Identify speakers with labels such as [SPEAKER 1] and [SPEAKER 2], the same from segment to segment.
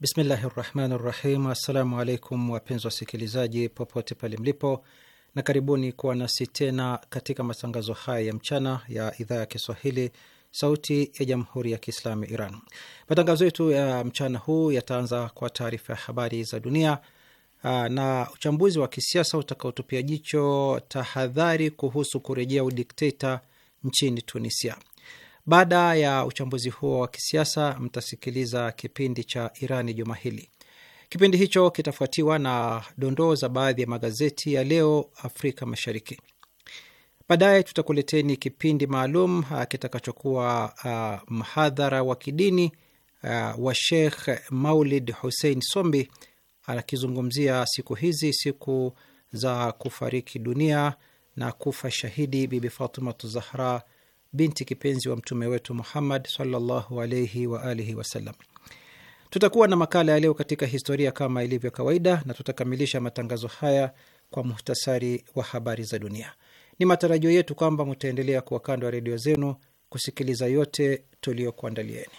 [SPEAKER 1] Bismillahi rahmani rahim. Assalamu alaikum wapenzi wasikilizaji popote pale mlipo, na karibuni kuwa nasi tena katika matangazo haya ya mchana ya idhaa ya Kiswahili Sauti ya Jamhuri ya Kiislamu Iran. Matangazo yetu ya mchana huu yataanza kwa taarifa ya habari za dunia na uchambuzi wa kisiasa utakaotupia jicho tahadhari kuhusu kurejea udikteta nchini Tunisia. Baada ya uchambuzi huo wa kisiasa, mtasikiliza kipindi cha Irani juma hili. Kipindi hicho kitafuatiwa na dondoo za baadhi ya magazeti ya leo Afrika Mashariki. Baadaye tutakuleteni kipindi maalum uh, kitakachokuwa uh, mhadhara wa kidini uh, wa Sheikh Maulid Hussein Sombi akizungumzia siku hizi, siku za kufariki dunia na kufa shahidi Bibi Fatimatu Zahra binti kipenzi wa mtume wetu Muhammad sallallahu alaihi wa alihi wasallam. Tutakuwa na makala ya leo katika historia kama ilivyo kawaida, na tutakamilisha matangazo haya kwa muhtasari wa habari za dunia. Ni matarajio yetu kwamba mutaendelea kuwa kando ya redio zenu kusikiliza yote tuliyokuandalieni.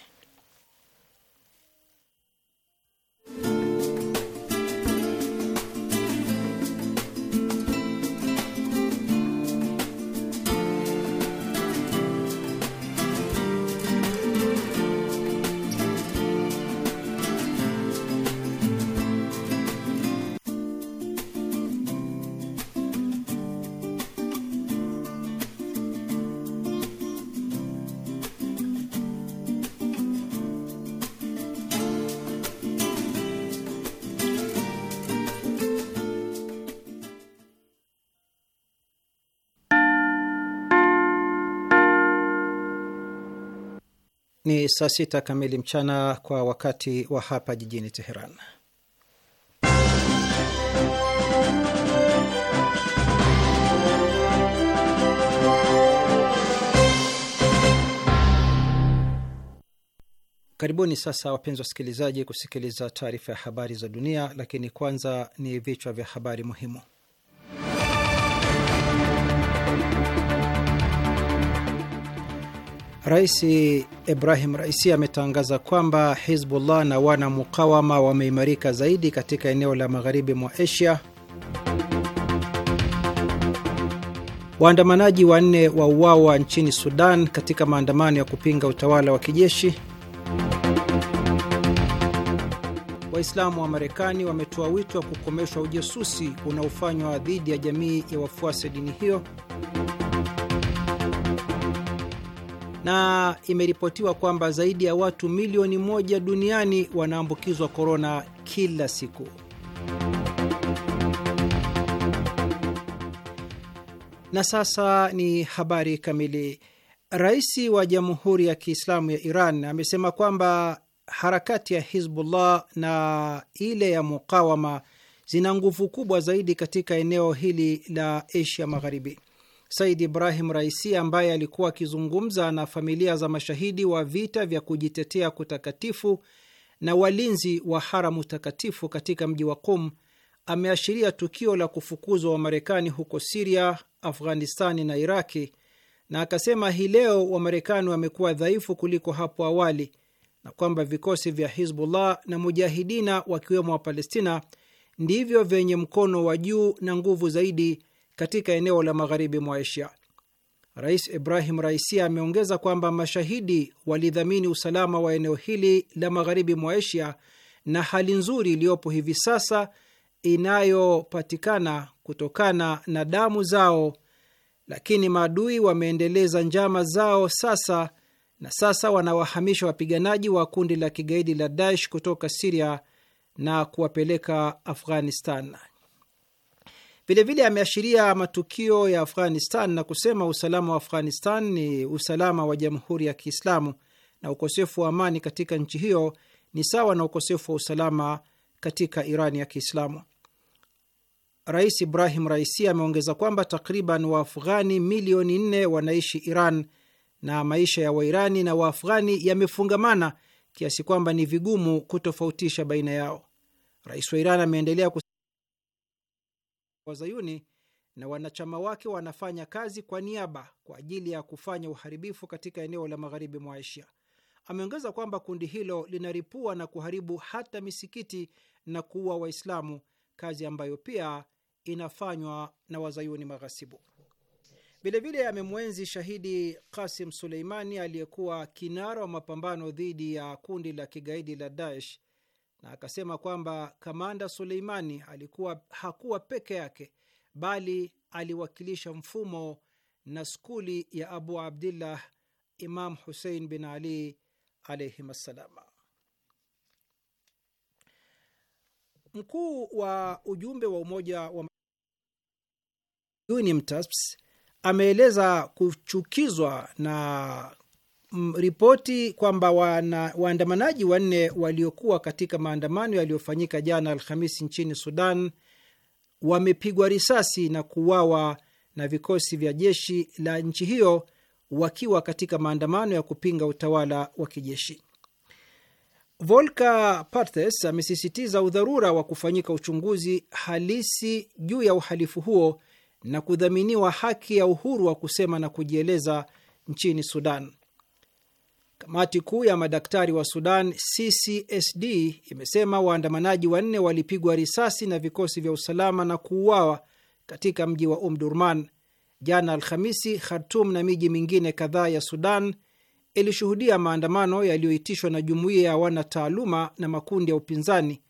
[SPEAKER 1] Ni saa sita kamili mchana kwa wakati wa hapa jijini Teheran. Karibuni sasa wapenzi wasikilizaji, kusikiliza taarifa ya habari za dunia, lakini kwanza ni vichwa vya habari muhimu. Rais Ibrahim Raisi ametangaza kwamba Hizbullah na wana mukawama wameimarika zaidi katika eneo la magharibi mwa Asia. Waandamanaji wanne wa uawa nchini Sudan katika maandamano ya kupinga utawala wa kijeshi. Waislamu wa Marekani wametoa wito wa kukomeshwa ujasusi unaofanywa dhidi ya jamii ya wafuasi dini hiyo na imeripotiwa kwamba zaidi ya watu milioni moja duniani wanaambukizwa korona kila siku. Na sasa ni habari kamili. Rais wa Jamhuri ya Kiislamu ya Iran amesema kwamba harakati ya Hizbullah na ile ya Mukawama zina nguvu kubwa zaidi katika eneo hili la Asia Magharibi. Said Ibrahim Raisi ambaye alikuwa akizungumza na familia za mashahidi wa vita vya kujitetea kutakatifu na walinzi wa haramu takatifu katika mji wa Qum ameashiria tukio la kufukuzwa Wamarekani huko Siria, Afghanistani na Iraki, na akasema hii leo Wamarekani wamekuwa dhaifu kuliko hapo awali na kwamba vikosi vya Hizbullah na mujahidina wakiwemo Wapalestina ndivyo vyenye mkono wa juu na nguvu zaidi katika eneo la magharibi mwa Asia. Rais Ibrahim Raisi ameongeza kwamba mashahidi walidhamini usalama wa eneo hili la magharibi mwa Asia na hali nzuri iliyopo hivi sasa inayopatikana kutokana na damu zao, lakini maadui wameendeleza njama zao sasa na sasa wanawahamisha wapiganaji wa kundi la kigaidi la Daesh kutoka Siria na kuwapeleka Afghanistan. Vilevile ameashiria matukio ya Afghanistan na kusema usalama wa Afghanistan ni usalama wa jamhuri ya Kiislamu na ukosefu wa amani katika nchi hiyo ni sawa na ukosefu wa usalama katika iran ya Kiislamu. Rais Ibrahim Raisi ameongeza kwamba takriban Waafghani milioni nne wanaishi Iran na maisha ya Wairani na Waafghani yamefungamana kiasi kwamba ni vigumu kutofautisha baina yao. Rais wa Iran ameendelea Wazayuni na wanachama wake wanafanya kazi kwa niaba kwa ajili ya kufanya uharibifu katika eneo la magharibi mwa Asia. Ameongeza kwamba kundi hilo linaripua na kuharibu hata misikiti na kuua Waislamu, kazi ambayo pia inafanywa na Wazayuni maghasibu. Vilevile amemwenzi shahidi Kasim Suleimani aliyekuwa kinara wa mapambano dhidi ya kundi la kigaidi la Daesh na akasema kwamba kamanda Suleimani alikuwa hakuwa peke yake, bali aliwakilisha mfumo na skuli ya Abu Abdillah Imam Husein bin Ali alaihim assalama. Mkuu wa ujumbe wa Umoja wa ameeleza kuchukizwa na ripoti kwamba waandamanaji wanne waliokuwa katika maandamano yaliyofanyika jana Alhamisi nchini Sudan wamepigwa risasi na kuuawa na vikosi vya jeshi la nchi hiyo wakiwa katika maandamano ya kupinga utawala wa kijeshi. Volka Partes amesisitiza udharura wa kufanyika uchunguzi halisi juu ya uhalifu huo na kudhaminiwa haki ya uhuru wa kusema na kujieleza nchini Sudan. Kamati kuu ya madaktari wa Sudan, CCSD, imesema waandamanaji wanne walipigwa risasi na vikosi vya usalama na kuuawa katika mji wa Umdurman jana Alhamisi. Khartum na miji mingine kadhaa ya Sudan ilishuhudia maandamano yaliyoitishwa na jumuiya ya wanataaluma na makundi ya upinzani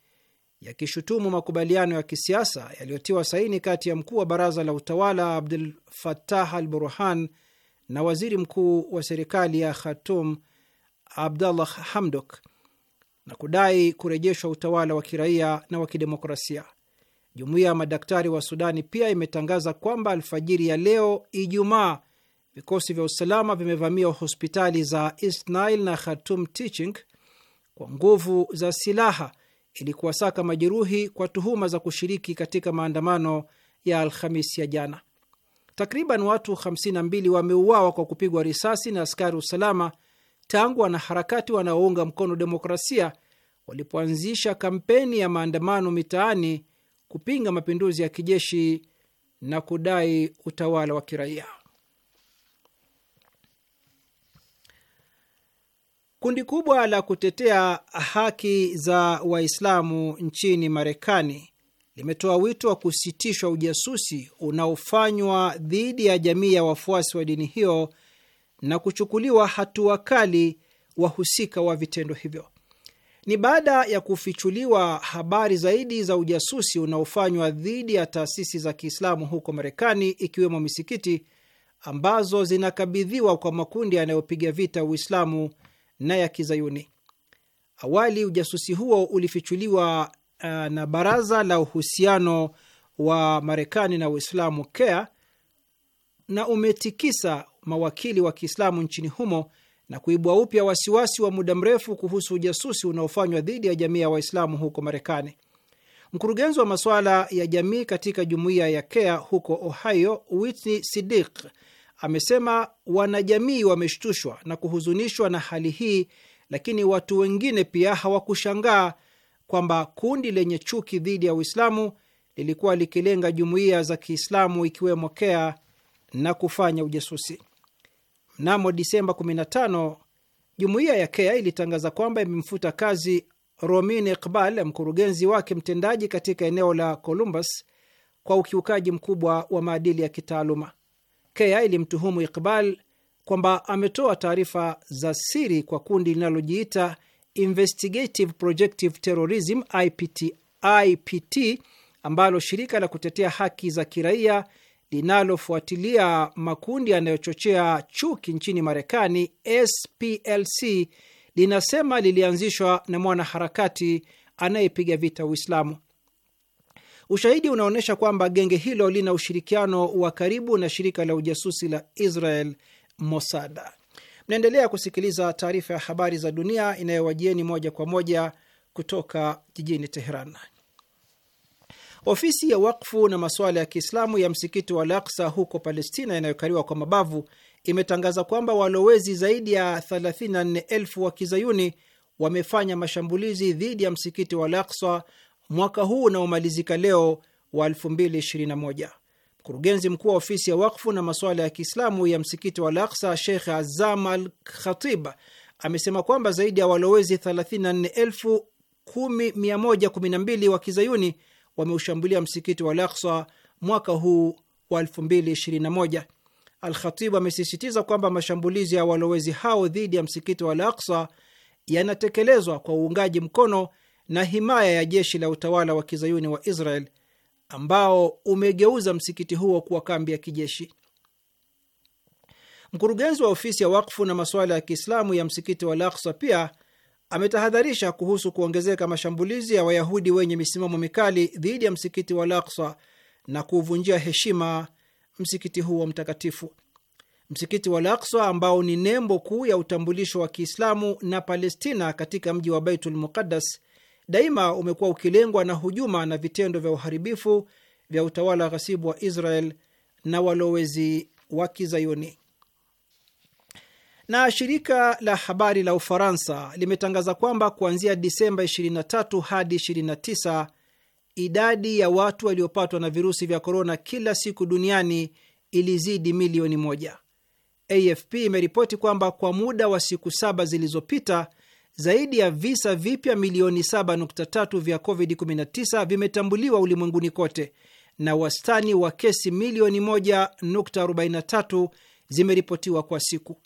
[SPEAKER 1] yakishutumu makubaliano ya kisiasa yaliyotiwa saini kati ya mkuu wa baraza la utawala Abdul fatah al Burhan na waziri mkuu wa serikali ya Khartum Abdallah Hamdok na kudai kurejeshwa utawala wa kiraia na wa kidemokrasia. Jumuiya ya madaktari wa Sudani pia imetangaza kwamba alfajiri ya leo Ijumaa, vikosi vya usalama vimevamia hospitali za East Nile na Khartoum Teaching kwa nguvu za silaha ili kuwasaka majeruhi kwa tuhuma za kushiriki katika maandamano ya Alhamisi ya jana. Takriban watu 52 wameuawa kwa kupigwa risasi na askari usalama tangu wanaharakati wanaounga mkono demokrasia walipoanzisha kampeni ya maandamano mitaani kupinga mapinduzi ya kijeshi na kudai utawala wa kiraia. Kundi kubwa la kutetea haki za Waislamu nchini Marekani limetoa wito wa kusitishwa ujasusi unaofanywa dhidi ya jamii ya wafuasi wa dini hiyo na kuchukuliwa hatua kali wahusika wa vitendo hivyo. Ni baada ya kufichuliwa habari zaidi za ujasusi unaofanywa dhidi ya taasisi za Kiislamu huko Marekani, ikiwemo misikiti ambazo zinakabidhiwa kwa makundi yanayopiga vita Uislamu na ya Kizayuni. Awali ujasusi huo ulifichuliwa uh, na Baraza la Uhusiano wa Marekani na Uislamu, CARE na umetikisa mawakili wa Kiislamu nchini humo na kuibua upya wasiwasi wa muda mrefu kuhusu ujasusi unaofanywa dhidi ya jamii ya Waislamu huko Marekani. Mkurugenzi wa masuala ya jamii katika jumuiya ya Kea huko Ohio, Whitney Sidiq amesema wanajamii wameshtushwa na kuhuzunishwa na hali hii, lakini watu wengine pia hawakushangaa kwamba kundi lenye chuki dhidi ya Uislamu lilikuwa likilenga jumuiya za Kiislamu ikiwemo Kea na kufanya ujasusi. Mnamo Disemba 15 jumuiya ya Kea ilitangaza kwamba imemfuta kazi Romin Iqbal, mkurugenzi wake mtendaji katika eneo la Columbus, kwa ukiukaji mkubwa wa maadili ya kitaaluma. Kea ilimtuhumu Iqbal kwamba ametoa taarifa za siri kwa kundi linalojiita Investigative Projective Terrorism IPT, IPT ambalo shirika la kutetea haki za kiraia linalofuatilia makundi yanayochochea chuki nchini Marekani, SPLC, linasema lilianzishwa na mwanaharakati anayepiga vita Uislamu. Ushahidi unaonyesha kwamba genge hilo lina ushirikiano wa karibu na shirika la ujasusi la Israel, Mossad. Mnaendelea kusikiliza taarifa ya habari za dunia inayowajieni moja kwa moja kutoka jijini Teheran. Ofisi ya wakfu na masuala ya Kiislamu ya msikiti wa Al-Aqsa huko Palestina inayokaliwa kwa mabavu imetangaza kwamba walowezi zaidi ya 34,000 wa kizayuni wamefanya mashambulizi dhidi ya msikiti wa Al-Aqsa mwaka huu unaomalizika leo wa 2021. Mkurugenzi mkuu wa ofisi ya wakfu na masuala ya Kiislamu ya msikiti wa Al-Aqsa Sheikh Azam Al-Khatib amesema kwamba zaidi ya walowezi 34,112 wa kizayuni wameushambulia msikiti wa Al-Aqsa mwaka huu wa 2021. Al-Khatibu amesisitiza kwamba mashambulizi ya walowezi hao dhidi ya msikiti wa Al-Aqsa yanatekelezwa kwa uungaji mkono na himaya ya jeshi la utawala wa kizayuni wa Israel ambao umegeuza msikiti huo kuwa kambi ya kijeshi. Mkurugenzi wa ofisi ya wakfu na masuala ya Kiislamu ya msikiti wa Al-Aqsa pia ametahadharisha kuhusu kuongezeka mashambulizi ya Wayahudi wenye misimamo mikali dhidi ya msikiti wa Al-Aqsa na kuuvunjia heshima msikiti huo mtakatifu. Msikiti wa Al-Aqsa ambao ni nembo kuu ya utambulisho wa Kiislamu na Palestina katika mji wa Baitul Muqaddas daima umekuwa ukilengwa na hujuma na vitendo vya uharibifu vya utawala ghasibu wa Israel na walowezi wa Kizayuni. Na shirika la habari la Ufaransa limetangaza kwamba kuanzia Disemba 23 hadi 29 idadi ya watu waliopatwa na virusi vya korona kila siku duniani ilizidi milioni moja. AFP imeripoti kwamba kwa muda wa siku saba zilizopita zaidi ya visa vipya milioni 7.3 vya COVID-19 vimetambuliwa ulimwenguni kote na wastani wa kesi milioni 1.43 zimeripotiwa kwa siku.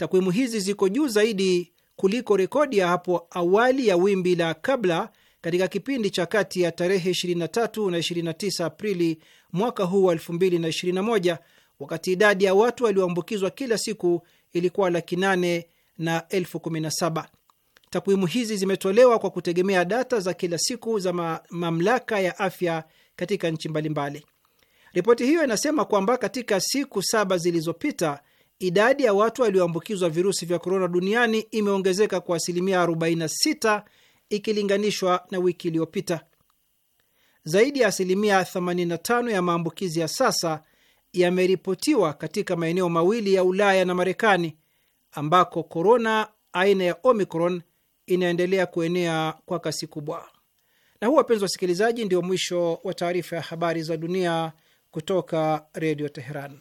[SPEAKER 1] Takwimu hizi ziko juu zaidi kuliko rekodi ya hapo awali ya wimbi la kabla katika kipindi cha kati ya tarehe 23 na 29 Aprili mwaka huu wa 2021 wakati idadi ya watu walioambukizwa kila siku ilikuwa laki nane na elfu kumi na saba. Takwimu hizi zimetolewa kwa kutegemea data za kila siku za mamlaka ya afya katika nchi mbalimbali. Ripoti hiyo inasema kwamba katika siku saba zilizopita idadi ya watu walioambukizwa virusi vya korona duniani imeongezeka kwa asilimia 46 ikilinganishwa na wiki iliyopita. Zaidi ya asilimia 85 ya maambukizi ya sasa yameripotiwa katika maeneo mawili ya Ulaya na Marekani ambako korona aina ya Omicron inaendelea kuenea kwa kasi kubwa. Na huu, wapenzi wasikilizaji, ndio mwisho wa taarifa ya habari za dunia kutoka Redio Teheran.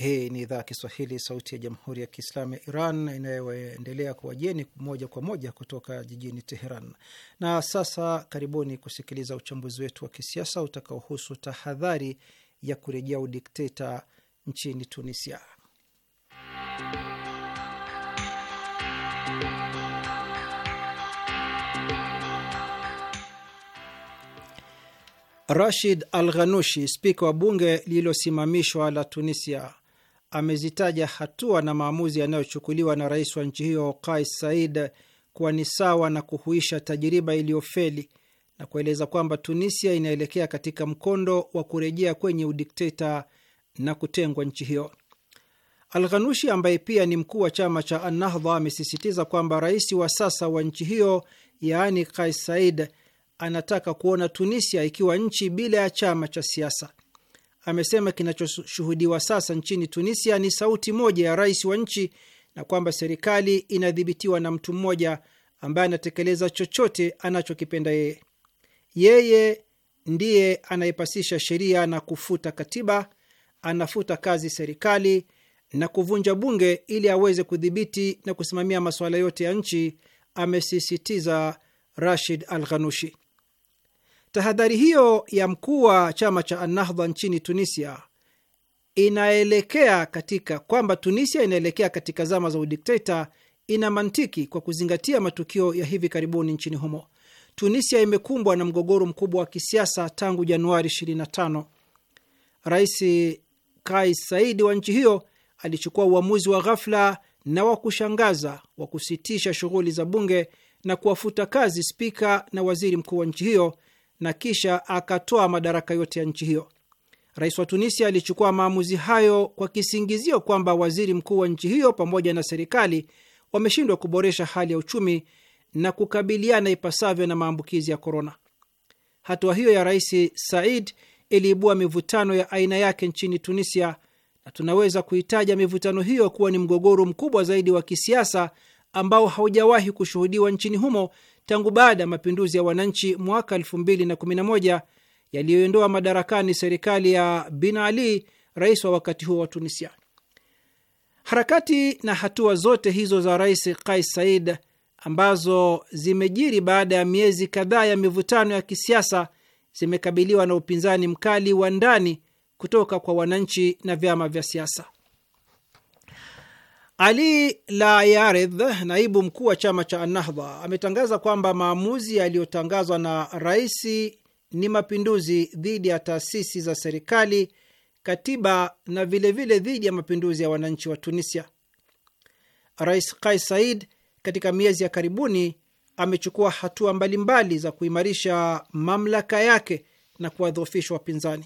[SPEAKER 1] Hii ni idhaa ya Kiswahili, sauti ya jamhuri ya kiislamu ya Iran inayoendelea kuwajieni moja kwa moja kutoka jijini Teheran. Na sasa karibuni kusikiliza uchambuzi wetu wa kisiasa utakaohusu tahadhari ya kurejea udikteta nchini Tunisia. Rashid Al Ghanushi, spika wa bunge lililosimamishwa la Tunisia, amezitaja hatua na maamuzi yanayochukuliwa na rais wa nchi hiyo Kais Said kuwa ni sawa na kuhuisha tajiriba iliyofeli na kueleza kwamba Tunisia inaelekea katika mkondo wa kurejea kwenye udikteta na kutengwa nchi hiyo. Alghanushi ambaye pia ni mkuu wa chama cha Annahdha amesisitiza kwamba rais wa sasa wa nchi hiyo yaani Kais said anataka kuona Tunisia ikiwa nchi bila ya chama cha siasa amesema kinachoshuhudiwa sasa nchini Tunisia ni sauti moja ya rais wa nchi na kwamba serikali inadhibitiwa na mtu mmoja ambaye anatekeleza chochote anachokipenda yeye. Yeye ndiye anayepasisha sheria na kufuta katiba, anafuta kazi serikali na kuvunja bunge ili aweze kudhibiti na kusimamia masuala yote ya nchi, amesisitiza Rashid Al Ghanushi. Tahadhari hiyo ya mkuu wa chama cha Annahdha nchini Tunisia inaelekea katika kwamba Tunisia inaelekea katika zama za udikteta ina mantiki kwa kuzingatia matukio ya hivi karibuni nchini humo. Tunisia imekumbwa na mgogoro mkubwa wa kisiasa tangu Januari 25. Rais Kais Saidi wa nchi hiyo alichukua uamuzi wa ghafla na wa kushangaza wa kusitisha shughuli za bunge na kuwafuta kazi spika na waziri mkuu wa nchi hiyo na kisha akatoa madaraka yote ya nchi hiyo. Rais wa Tunisia alichukua maamuzi hayo kwa kisingizio kwamba waziri mkuu wa nchi hiyo pamoja na serikali wameshindwa kuboresha hali ya uchumi na kukabiliana ipasavyo na maambukizi ya korona. Hatua hiyo ya Rais Said iliibua mivutano ya aina yake nchini Tunisia, na tunaweza kuitaja mivutano hiyo kuwa ni mgogoro mkubwa zaidi wa kisiasa ambao haujawahi kushuhudiwa nchini humo tangu baada ya mapinduzi ya wananchi mwaka 2011 yaliyoondoa madarakani serikali ya Bin Ali, rais wa wakati huo wa Tunisia. Harakati na hatua zote hizo za Rais Kais said ambazo zimejiri baada ya miezi kadhaa ya mivutano ya kisiasa zimekabiliwa na upinzani mkali wa ndani kutoka kwa wananchi na vyama vya siasa. Ali Layaredh, naibu mkuu wa chama cha Anahdha, ametangaza kwamba maamuzi yaliyotangazwa na rais ni mapinduzi dhidi ya taasisi za serikali, katiba na vilevile dhidi ya mapinduzi ya wananchi wa Tunisia. Rais Kais said katika miezi ya karibuni amechukua hatua mbalimbali za kuimarisha mamlaka yake na kuwadhoofisha wapinzani.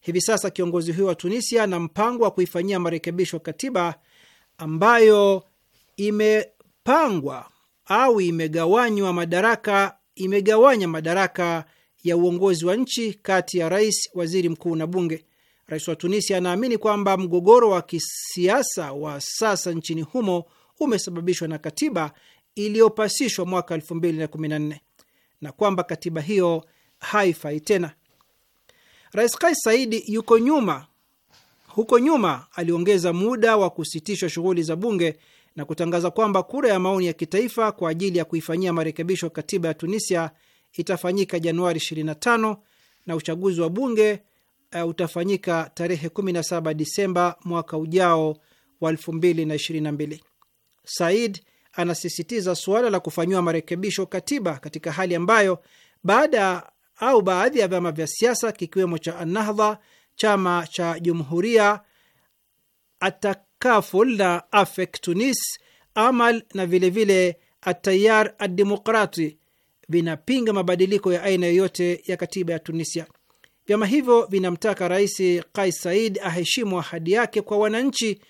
[SPEAKER 1] Hivi sasa kiongozi huyo wa Tunisia ana mpango wa kuifanyia marekebisho katiba ambayo imepangwa au imegawanywa madaraka, imegawanya madaraka ya uongozi wa nchi kati ya rais, waziri mkuu na bunge. Rais wa Tunisia anaamini kwamba mgogoro wa kisiasa wa sasa nchini humo umesababishwa na katiba iliyopasishwa mwaka 2014 na kwamba katiba hiyo haifai tena. Rais Kais Saidi yuko nyuma huko nyuma aliongeza muda wa kusitishwa shughuli za bunge na kutangaza kwamba kura ya maoni ya kitaifa kwa ajili ya kuifanyia marekebisho katiba ya Tunisia itafanyika Januari 25 na uchaguzi wa bunge uh, utafanyika tarehe 17 Disemba mwaka ujao wa 2022. Said anasisitiza suala la kufanyiwa marekebisho katiba katika hali ambayo baada au baadhi ya vyama vya siasa kikiwemo cha Annahdha chama cha Jumhuria Atakaful na Afek Tunis, Amal na vilevile Atayar Ademokrati vinapinga mabadiliko ya aina yoyote ya katiba ya Tunisia. Vyama hivyo vinamtaka Rais Kais Said aheshimu ahadi yake kwa wananchi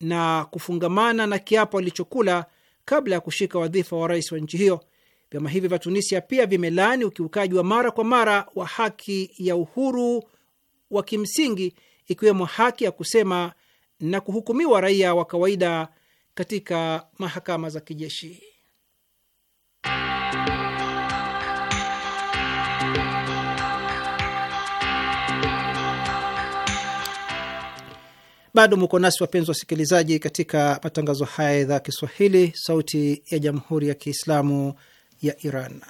[SPEAKER 1] na kufungamana na kiapo alichokula kabla ya kushika wadhifa wa rais wa nchi hiyo. Vyama hivyo vya Tunisia pia vimelaani ukiukaji wa mara kwa mara wa haki ya uhuru wa kimsingi ikiwemo haki ya kusema na kuhukumiwa raia wa kawaida katika mahakama za kijeshi. Bado muko nasi wapenzi wasikilizaji, katika matangazo haya ya idhaa ya Kiswahili, sauti ya jamhuri ya kiislamu ya Iran.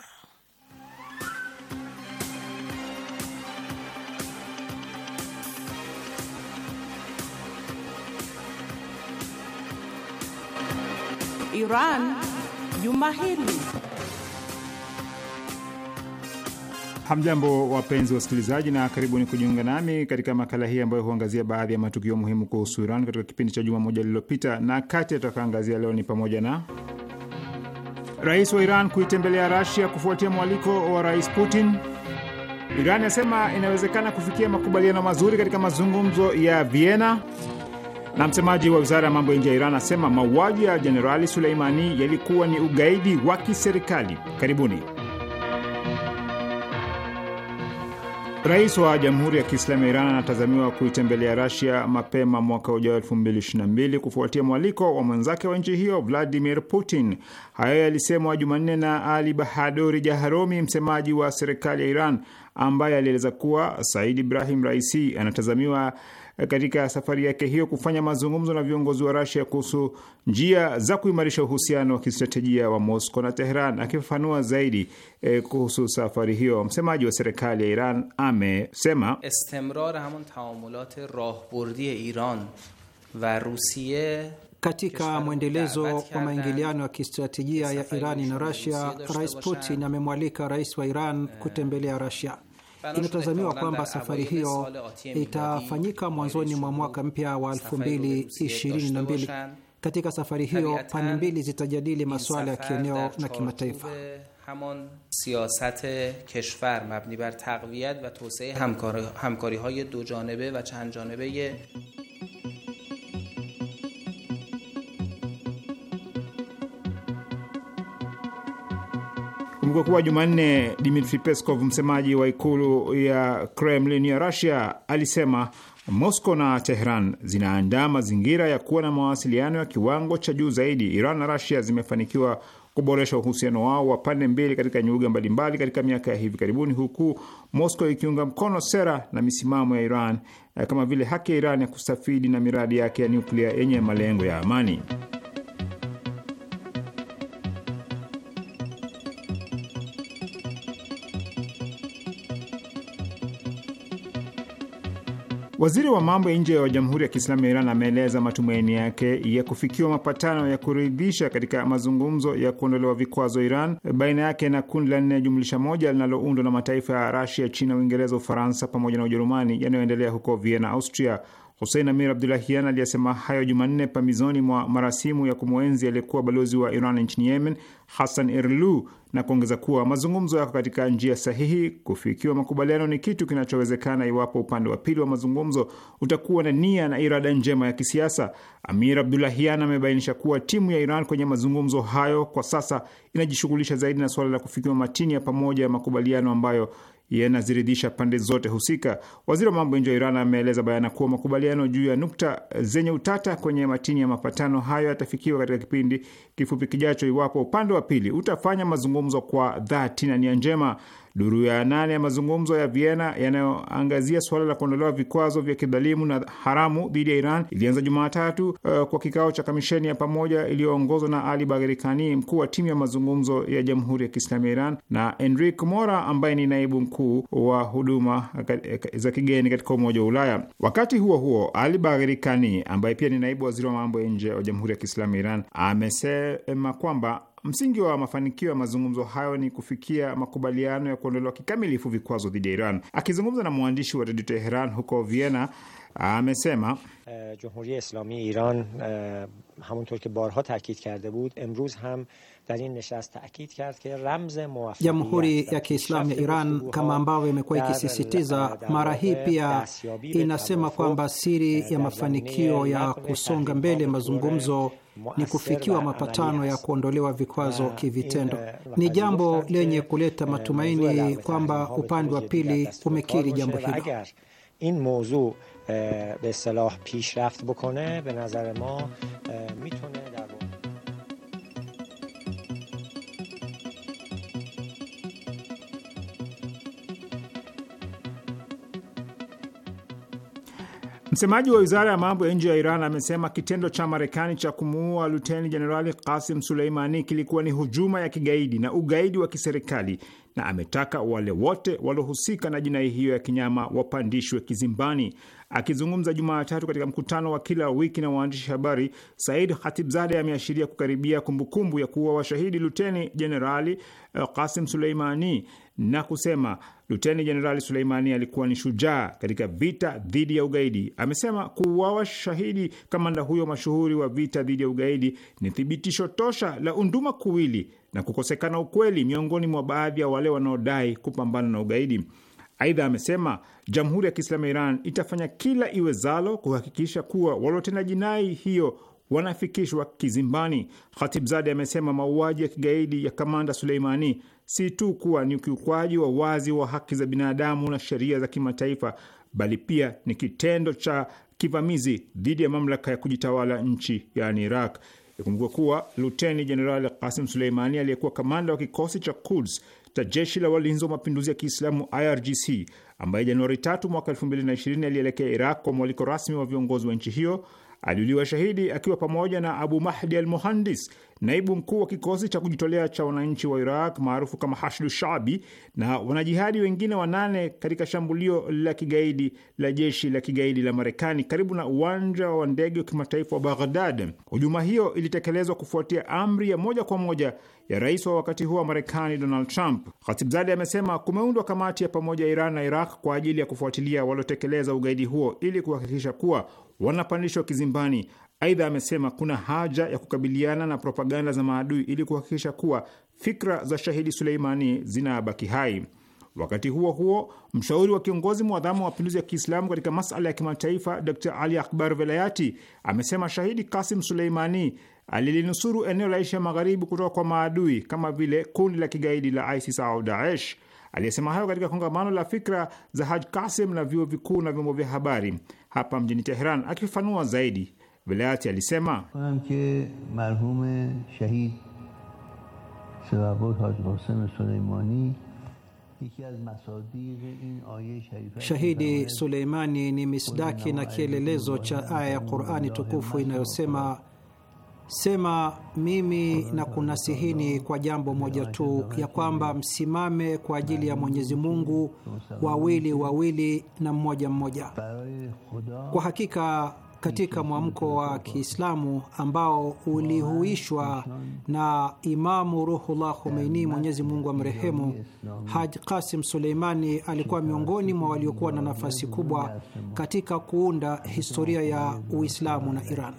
[SPEAKER 1] Iran juma hili.
[SPEAKER 2] Hamjambo, wapenzi wasikilizaji, na karibuni kujiunga nami katika makala hii ambayo huangazia baadhi ya matukio muhimu kuhusu Iran katika kipindi cha juma moja lililopita, na kati ya tutakaangazia leo ni pamoja na rais wa Iran kuitembelea Russia kufuatia mwaliko wa Rais Putin, Iran yasema inawezekana kufikia makubaliano mazuri katika mazungumzo ya Vienna na msemaji wa wizara ya mambo ya nje ya Iran asema mauaji ya Jenerali Suleimani yalikuwa ni ugaidi wa kiserikali. Karibuni. Rais wa Jamhuri ya Kiislamu ya Iran anatazamiwa kuitembelea Rasia mapema mwaka ujao 222 kufuatia mwaliko wa mwenzake wa nchi hiyo Vladimir Putin. Hayo yalisemwa Jumanne na Ali Bahadori Jaharomi, msemaji wa serikali ya Iran, ambaye alieleza kuwa Said Ibrahim Raisi anatazamiwa katika safari yake hiyo kufanya mazungumzo na viongozi wa Rasia kuhusu njia za kuimarisha uhusiano wa kistratejia wa Moscow na Teheran. Akifafanua zaidi e, kuhusu safari hiyo, msemaji wa serikali ya Iran amesema
[SPEAKER 1] istimrar hamon taamulat rahburdi iran va rusiye katika mwendelezo wa maingiliano ya kistratejia ya Irani na Rasia, Rais Putin amemwalika rais wa Iran kutembelea Rasia. Inatazamiwa kwamba safari hiyo itafanyika mwanzoni mwa mwaka mpya wa 2022. Katika safari hiyo pande mbili zitajadili masuala ya kieneo na kimataifa.
[SPEAKER 2] Itakumbukwa kuwa Jumanne, Dmitri Peskov, msemaji wa ikulu ya Kremlin ya Rusia, alisema Moscow na Tehran zinaandaa mazingira ya kuwa na mawasiliano ya kiwango cha juu zaidi. Iran na Russia zimefanikiwa kuboresha uhusiano wao wa pande mbili katika nyuga mbalimbali katika miaka ya hivi karibuni, huku Moscow ikiunga mkono sera na misimamo ya Iran eh, kama vile haki ya Iran ya kustafidi na miradi yake ya nyuklia yenye malengo ya amani. Waziri wa mambo ya nje wa Jamhuri ya Kiislamu ya Iran ameeleza matumaini yake ya kufikiwa mapatano ya kuridhisha katika mazungumzo ya kuondolewa vikwazo Iran baina yake na kundi la nne ya jumlisha moja linaloundwa na mataifa ya Rasia, China, Uingereza, Ufaransa pamoja na Ujerumani yanayoendelea huko Vienna, Austria. Husein Amir Abdulahian aliyesema hayo Jumanne pambizoni mwa marasimu ya kumwenzi aliyekuwa balozi wa Iran nchini Yemen, Hassan Irlu, na kuongeza kuwa mazungumzo yako katika njia sahihi. Kufikiwa makubaliano ni kitu kinachowezekana iwapo upande wa pili wa mazungumzo utakuwa na nia na irada njema ya kisiasa. Amir Abdulahian amebainisha kuwa timu ya Iran kwenye mazungumzo hayo kwa sasa inajishughulisha zaidi na suala la kufikiwa matini ya pamoja ya makubaliano ambayo yanaziridhisha pande zote husika. Waziri wa mambo ya nje wa Iran ameeleza bayana kuwa makubaliano juu ya nukta zenye utata kwenye matini ya mapatano hayo yatafikiwa katika kipindi kifupi kijacho, iwapo upande wa pili utafanya mazungumzo kwa dhati na nia njema Duru ya nane ya mazungumzo ya Vienna yanayoangazia suala la kuondolewa vikwazo vya kidhalimu na haramu dhidi ya Iran ilianza Jumatatu uh, kwa kikao cha kamisheni ya pamoja iliyoongozwa na Ali Bagheri Kani, mkuu wa timu ya mazungumzo ya Jamhuri ya Kiislamu ya Iran, na Enrique Mora ambaye ni naibu mkuu wa huduma za kigeni katika Umoja wa Ulaya. Wakati huo huo, Ali Bagheri Kani ambaye pia ni naibu waziri wa mambo ya nje wa Jamhuri ya Kiislamu ya Iran amesema kwamba Msingi wa mafanikio ya mazungumzo hayo ni kufikia makubaliano ya kuondolewa kikamilifu vikwazo dhidi ya Iran. Akizungumza na mwandishi wa redio Teheran huko Vienna, amesema
[SPEAKER 1] eh, eh, Jamhuri ya Kiislamu ya Iran kama ambavyo imekuwa ikisisitiza mara hii pia inasema kwamba siri ya mafanikio ya kusonga mbele mazungumzo ni kufikiwa mapatano ya kuondolewa vikwazo uh, kivitendo. Uh, ni jambo lenye uh, kuleta matumaini kwamba upande wa pili umekiri jambo hilo. به صلاح پیشرفت بکنه به نظر ما میتونه
[SPEAKER 2] Msemaji wa wizara ya mambo ya nje ya Iran amesema kitendo cha Marekani cha kumuua luteni jenerali Kasim Suleimani kilikuwa ni hujuma ya kigaidi na ugaidi wa kiserikali, na ametaka wale wote waliohusika na jinai hiyo ya kinyama wapandishwe kizimbani. Akizungumza Jumatatu katika mkutano wa kila wiki na waandishi habari, Said Khatibzade ameashiria kukaribia kumbukumbu ya kuua washahidi luteni jenerali Kasim eh, Suleimani na kusema Luteni Jenerali Suleimani alikuwa ni shujaa katika vita dhidi ya ugaidi. Amesema kuuawa shahidi kamanda huyo mashuhuri wa vita dhidi ya ugaidi ni thibitisho tosha la unduma kuwili na kukosekana ukweli miongoni mwa baadhi ya wale wanaodai kupambana na ugaidi. Aidha, amesema Jamhuri ya Kiislamu ya Iran itafanya kila iwezalo kuhakikisha kuwa waliotenda jinai hiyo wanafikishwa kizimbani. Khatibzade amesema mauaji ya kigaidi ya kamanda Suleimani si tu kuwa ni ukiukwaji wa wazi wa haki za binadamu na sheria za kimataifa, bali pia ni kitendo cha kivamizi dhidi ya mamlaka ya kujitawala nchi yani Iraq. Ikumbuka kuwa Luteni Jenerali Kasim Suleimani aliyekuwa kamanda wa kikosi cha Kuds cha jeshi la walinzi wa mapinduzi ya Kiislamu IRGC ambaye Januari 3 mwaka 2020 alielekea Iraq kwa mwaliko rasmi wa viongozi wa nchi hiyo aliuliwa shahidi akiwa pamoja na Abu Mahdi al Muhandis, naibu mkuu wa kikosi cha kujitolea cha wananchi wa Iraq maarufu kama Hashdu Shabi na wanajihadi wengine wanane katika shambulio la kigaidi la jeshi la kigaidi la Marekani karibu na uwanja wa ndege wa kimataifa wa Baghdad. Hujuma hiyo ilitekelezwa kufuatia amri ya moja kwa moja ya rais wa wakati huo wa Marekani Donald Trump. Khatibzadeh amesema kumeundwa kamati ya pamoja ya Iran na Iraq kwa ajili ya kufuatilia waliotekeleza ugaidi huo ili kuhakikisha kuwa wanapandishwa kizimbani Aidha, amesema kuna haja ya kukabiliana na propaganda za maadui ili kuhakikisha kuwa fikra za shahidi Suleimani zinabaki hai. Wakati huo huo, mshauri wa kiongozi mwadhamu wa mapinduzi ya Kiislamu katika masala ya kimataifa Dr Ali Akbar Velayati amesema shahidi Kasim Suleimani alilinusuru eneo la Asia Magharibi kutoka kwa maadui kama vile kundi la kigaidi la ISIS au Daesh. Aliyesema hayo katika kongamano la fikra za Haj Kasim na vyuo vikuu na vyombo vya habari hapa mjini Teheran. Akifafanua zaidi, Velayati alisema
[SPEAKER 1] shahidi Suleimani ni misdaki na kielelezo cha aya ya Qurani tukufu inayosema Sema, mimi na kunasihini kwa jambo moja tu, ya kwamba msimame kwa ajili ya Mwenyezi Mungu wawili wawili na mmoja mmoja. Kwa hakika katika mwamko wa Kiislamu ambao ulihuishwa na Imamu Ruhullah Khomeini, Mwenyezi Mungu amrehemu. Haj Qasim Suleimani alikuwa miongoni mwa waliokuwa na nafasi kubwa katika kuunda historia ya Uislamu na Iran.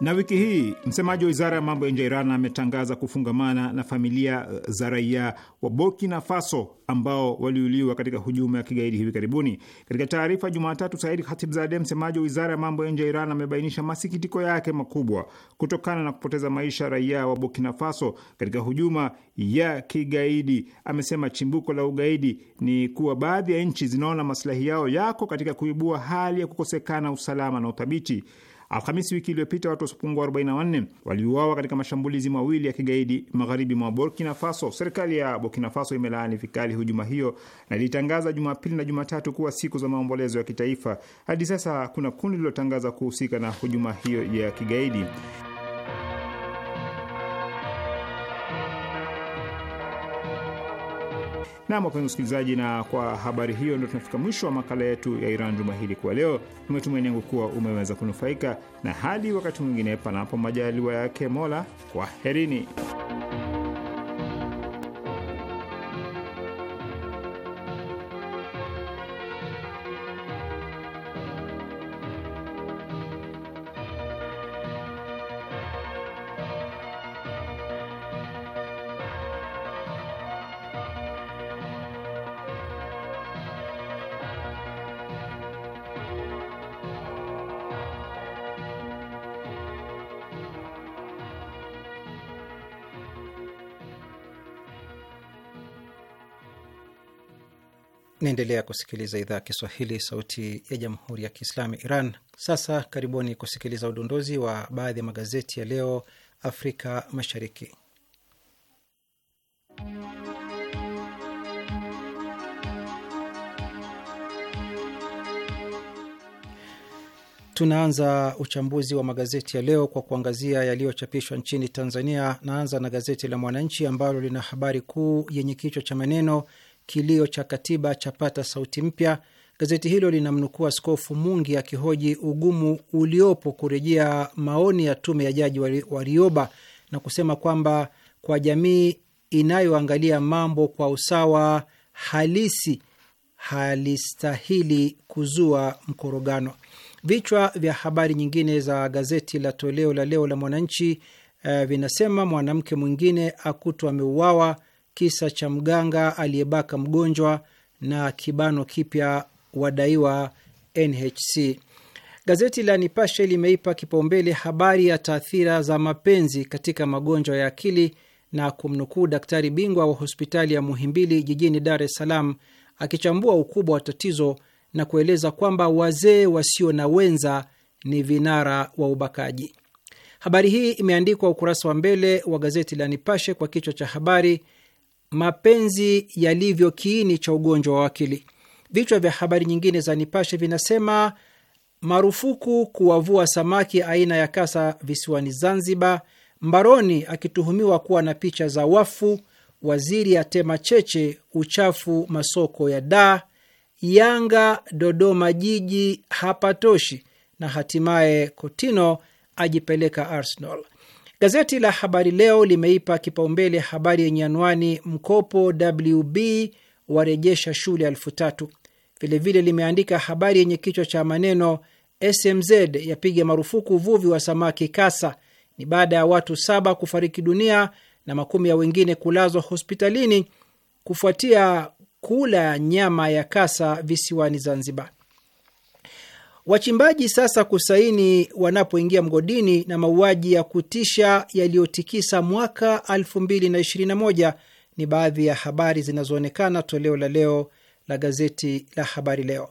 [SPEAKER 2] Na wiki hii msemaji wa wizara ya mambo ya nje ya Iran ametangaza kufungamana na familia eh, za raia wa Burkina Faso ambao waliuliwa katika hujuma ya kigaidi hivi karibuni. Katika taarifa Jumatatu, Said Khatibzadeh, msemaji wa wizara ya mambo ya nje ya Iran, amebainisha masikitiko yake makubwa kutokana na kupoteza maisha raia wa Burkina Faso katika hujuma ya kigaidi. Amesema chimbuko la ugaidi ni kuwa baadhi ya nchi zinaona masilahi yao yako katika kuibua hali ya kukosekana usalama na uthabiti. Alhamisi wiki iliyopita watu wasiopungua 44 waliuawa katika mashambulizi mawili ya kigaidi magharibi mwa Burkina Faso. Serikali ya Burkina Faso imelaani vikali hujuma hiyo na ilitangaza Jumapili na Jumatatu kuwa siku za maombolezo ya kitaifa. Hadi sasa hakuna kundi lililotangaza kuhusika na hujuma hiyo ya kigaidi. Nam, wapenzi msikilizaji, na kwa habari hiyo ndio tunafika mwisho wa makala yetu ya Iran juma hili kwa leo. Umetumaini yangu kuwa umeweza kunufaika, na hadi wakati mwingine, panapo majaliwa yake Mola, kwaherini.
[SPEAKER 1] Naendelea kusikiliza idhaa ya Kiswahili, sauti ya jamhuri ya kiislamu Iran. Sasa karibuni kusikiliza udondozi wa baadhi ya magazeti ya leo Afrika Mashariki. Tunaanza uchambuzi wa magazeti ya leo kwa kuangazia yaliyochapishwa nchini Tanzania. Naanza na gazeti la Mwananchi ambalo lina habari kuu yenye kichwa cha maneno kilio cha katiba chapata sauti mpya, gazeti hilo linamnukua Askofu Mungi akihoji ugumu uliopo kurejea maoni ya tume ya Jaji Warioba na kusema kwamba kwa jamii inayoangalia mambo kwa usawa halisi halistahili kuzua mkorogano. Vichwa vya habari nyingine za gazeti la toleo la leo la Mwananchi eh, vinasema mwanamke mwingine akutwa ameuawa, kisa cha mganga aliyebaka mgonjwa na kibano kipya wadaiwa NHC. Gazeti la Nipashe limeipa kipaumbele habari ya taathira za mapenzi katika magonjwa ya akili na kumnukuu daktari bingwa wa hospitali ya Muhimbili jijini Dar es Salaam akichambua ukubwa wa tatizo na kueleza kwamba wazee wasio na wenza ni vinara wa ubakaji. Habari hii imeandikwa ukurasa wa mbele wa gazeti la Nipashe kwa kichwa cha habari mapenzi yalivyo kiini cha ugonjwa wa akili. Vichwa vya habari nyingine za Nipashe vinasema marufuku kuwavua samaki aina ya kasa visiwani Zanzibar, mbaroni akituhumiwa kuwa na picha za wafu, waziri atema cheche uchafu masoko ya da Yanga Dodoma jiji hapatoshi, na hatimaye kotino ajipeleka Arsenal. Gazeti la Habari Leo limeipa kipaumbele habari yenye anwani mkopo WB warejesha shule elfu tatu. Vilevile limeandika habari yenye kichwa cha maneno SMZ yapiga marufuku uvuvi wa samaki kasa. Ni baada ya watu saba kufariki dunia na makumi ya wengine kulazwa hospitalini kufuatia kula nyama ya kasa visiwani Zanzibar. Wachimbaji sasa kusaini wanapoingia mgodini na mauaji ya kutisha yaliyotikisa mwaka 2021 ni baadhi ya habari zinazoonekana toleo la leo la gazeti la Habari Leo.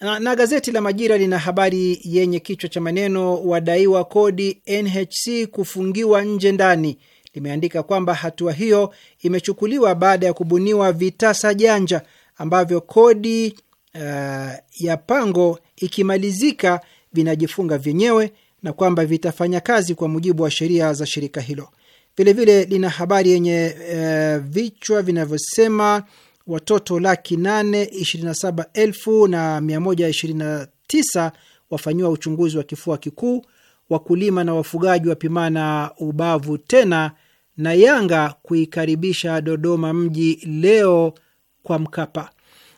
[SPEAKER 1] Na, na gazeti la Majira lina habari yenye kichwa cha maneno wadaiwa kodi NHC kufungiwa nje ndani. Limeandika kwamba hatua hiyo imechukuliwa baada ya kubuniwa vitasa janja ambavyo kodi uh, ya pango ikimalizika vinajifunga vyenyewe na kwamba vitafanya kazi kwa mujibu wa sheria za shirika hilo. Vilevile lina habari yenye uh, vichwa vinavyosema watoto laki nane ishirini na saba elfu na mia moja ishirini na tisa wafanyiwa uchunguzi wa kifua kikuu, wakulima na wafugaji wapimana ubavu tena, na Yanga kuikaribisha Dodoma mji leo kwa Mkapa.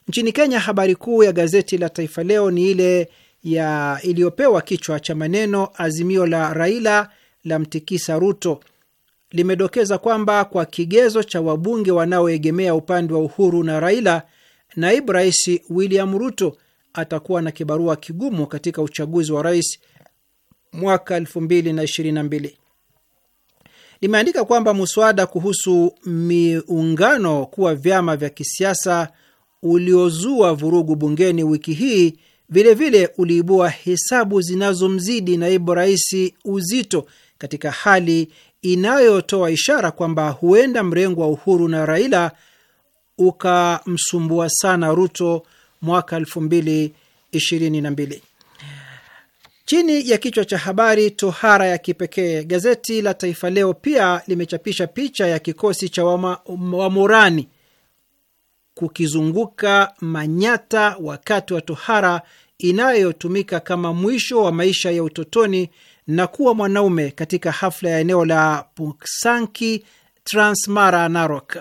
[SPEAKER 1] Nchini Kenya, habari kuu ya gazeti la Taifa Leo ni ile ya iliyopewa kichwa cha maneno azimio la Raila la mtikisa Ruto. Limedokeza kwamba kwa kigezo cha wabunge wanaoegemea upande wa Uhuru na Raila, naibu rais William Ruto atakuwa na kibarua kigumu katika uchaguzi wa rais mwaka 2022. Limeandika kwamba muswada kuhusu miungano kuwa vyama vya kisiasa uliozua vurugu bungeni wiki hii vilevile uliibua hesabu zinazomzidi naibu rais uzito katika hali inayotoa ishara kwamba huenda mrengo wa Uhuru na Raila ukamsumbua sana Ruto mwaka 2022. Chini ya kichwa cha habari tohara ya kipekee, gazeti la Taifa Leo pia limechapisha picha ya kikosi cha Wamorani kukizunguka manyata wakati wa tohara inayotumika kama mwisho wa maisha ya utotoni na kuwa mwanaume katika hafla ya eneo la Puksanki, Transmara, Narok.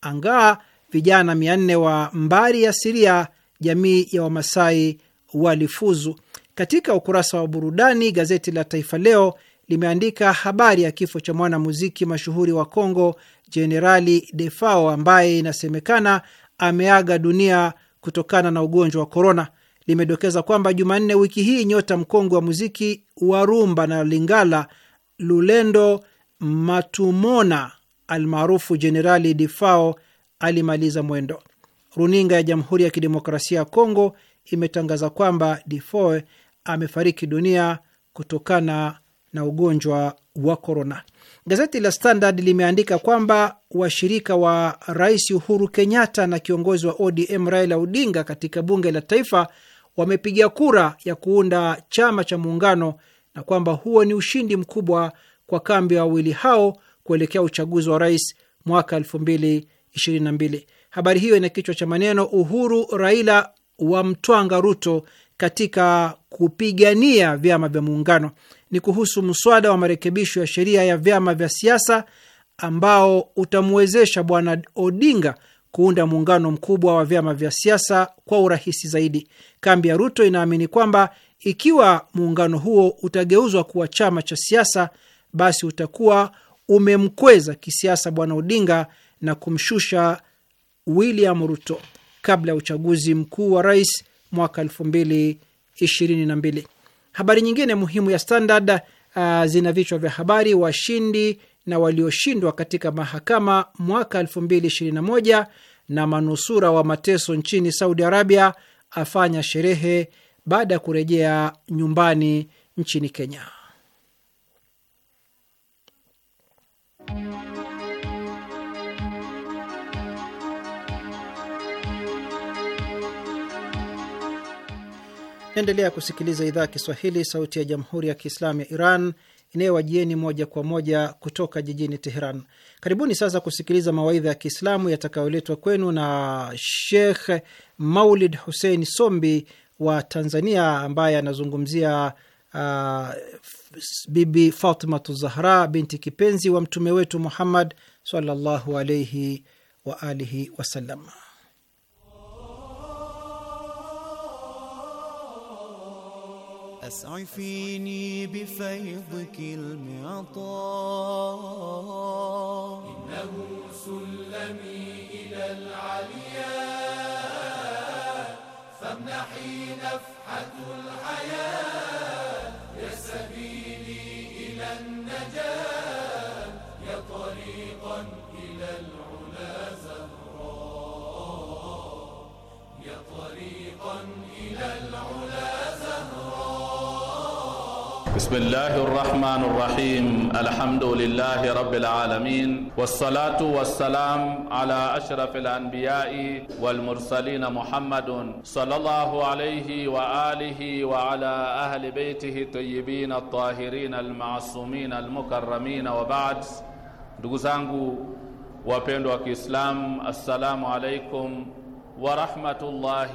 [SPEAKER 1] Angaa vijana mia nne wa mbari ya Siria, jamii ya Wamasai walifuzu. Katika ukurasa wa burudani, gazeti la Taifa Leo limeandika habari ya kifo cha mwanamuziki mashuhuri wa Kongo Jenerali Defao ambaye inasemekana ameaga dunia kutokana na ugonjwa wa korona. Limedokeza kwamba Jumanne wiki hii nyota mkongwe wa muziki wa rumba na Lingala Lulendo Matumona almaarufu Jenerali Difao alimaliza mwendo. Runinga ya Jamhuri ya Kidemokrasia ya Kongo imetangaza kwamba Difoe amefariki dunia kutokana na ugonjwa wa korona. Gazeti la Standard limeandika kwamba washirika wa Rais Uhuru Kenyatta na kiongozi wa ODM Raila Odinga katika bunge la taifa wamepiga kura ya kuunda chama cha muungano na kwamba huo ni ushindi mkubwa kwa kambi ya wawili hao kuelekea uchaguzi wa rais mwaka 2022. Habari hiyo ina kichwa cha maneno Uhuru Raila wa mtwanga Ruto katika kupigania vyama vya muungano ni kuhusu mswada wa marekebisho ya sheria ya vyama vya siasa ambao utamwezesha Bwana Odinga kuunda muungano mkubwa wa vyama vya siasa kwa urahisi zaidi. Kambi ya Ruto inaamini kwamba ikiwa muungano huo utageuzwa kuwa chama cha siasa, basi utakuwa umemkweza kisiasa Bwana Odinga na kumshusha William Ruto kabla ya uchaguzi mkuu wa rais mwaka elfu mbili ishirini na mbili. Habari nyingine muhimu ya Standard uh, zina vichwa vya habari: washindi na walioshindwa katika mahakama mwaka 2021 na manusura wa mateso nchini Saudi Arabia afanya sherehe baada ya kurejea nyumbani nchini Kenya. Naendelea kusikiliza idhaa ya Kiswahili, sauti ya jamhuri ya kiislamu ya Iran inayowajieni moja kwa moja kutoka jijini Teheran. Karibuni sasa kusikiliza mawaidha ya Kiislamu yatakayoletwa kwenu na shekh Maulid Hussein Sombi wa Tanzania, ambaye anazungumzia uh, Bibi Fatimatu Zahra binti kipenzi wa mtume wetu Muhammad sallallahu alaihi waalihi wasallam.
[SPEAKER 3] أسعفيني بفيضك المعطاء
[SPEAKER 4] إنه سلمي إلى العلياء فامنحي نفحة الحياة
[SPEAKER 5] بسم الله الرحمن الرحيم الحمد لله رب العالمين والصلاة والسلام على أشرف الأنبياء والمرسلين محمد صلى الله عليه وآله وعلى أهل بيته الطيبين الطاهرين المعصومين المكرمين وبعد دوزانغو وبين إسلام السلام عليكم ورحمة الله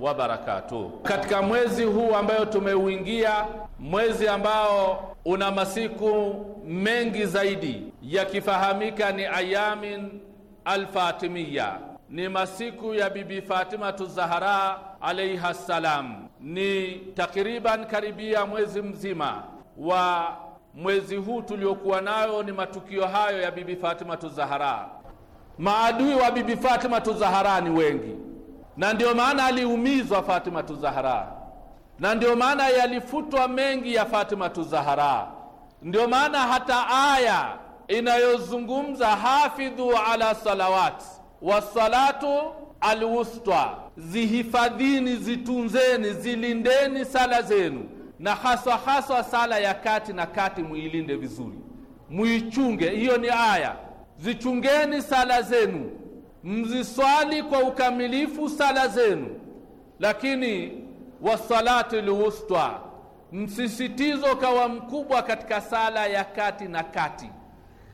[SPEAKER 5] barakatuh. Katika mwezi huu ambayo tumeuingia, mwezi ambao una masiku mengi zaidi yakifahamika ni ayamin alfatimiya, ni masiku ya Bibi Fatimatu Zahara alaiha salam, ni takriban karibia mwezi mzima wa mwezi huu tuliokuwa nayo ni matukio hayo ya Bibi Fatimatu Zahara. Maadui wa Bibi Fatimatu Zahara ni wengi na ndio maana aliumizwa Fatima Tuzahara, na ndio maana yalifutwa mengi ya Fatima Tuzahara. Ndio maana hata aya inayozungumza hafidhu ala salawat wasalatu alwusta, zihifadhini, zitunzeni, zilindeni sala zenu, na haswa haswa sala ya kati na kati muilinde vizuri, muichunge. Hiyo ni aya, zichungeni sala zenu mziswali kwa ukamilifu sala zenu, lakini wasalati lwusta, msisitizo kawa mkubwa katika sala ya kati na kati,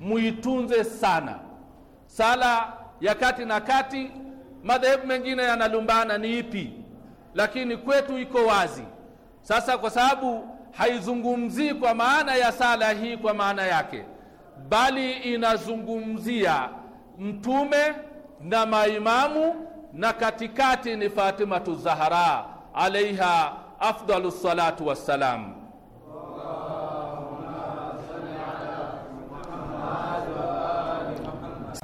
[SPEAKER 5] muitunze sana sala ya kati na kati. Madhehebu mengine yanalumbana ni ipi, lakini kwetu iko wazi. Sasa kwa sababu haizungumzii kwa maana ya sala hii kwa maana yake, bali inazungumzia Mtume na maimamu na katikati ni Fatimatu Zahara alaiha afdalu salatu wassalam.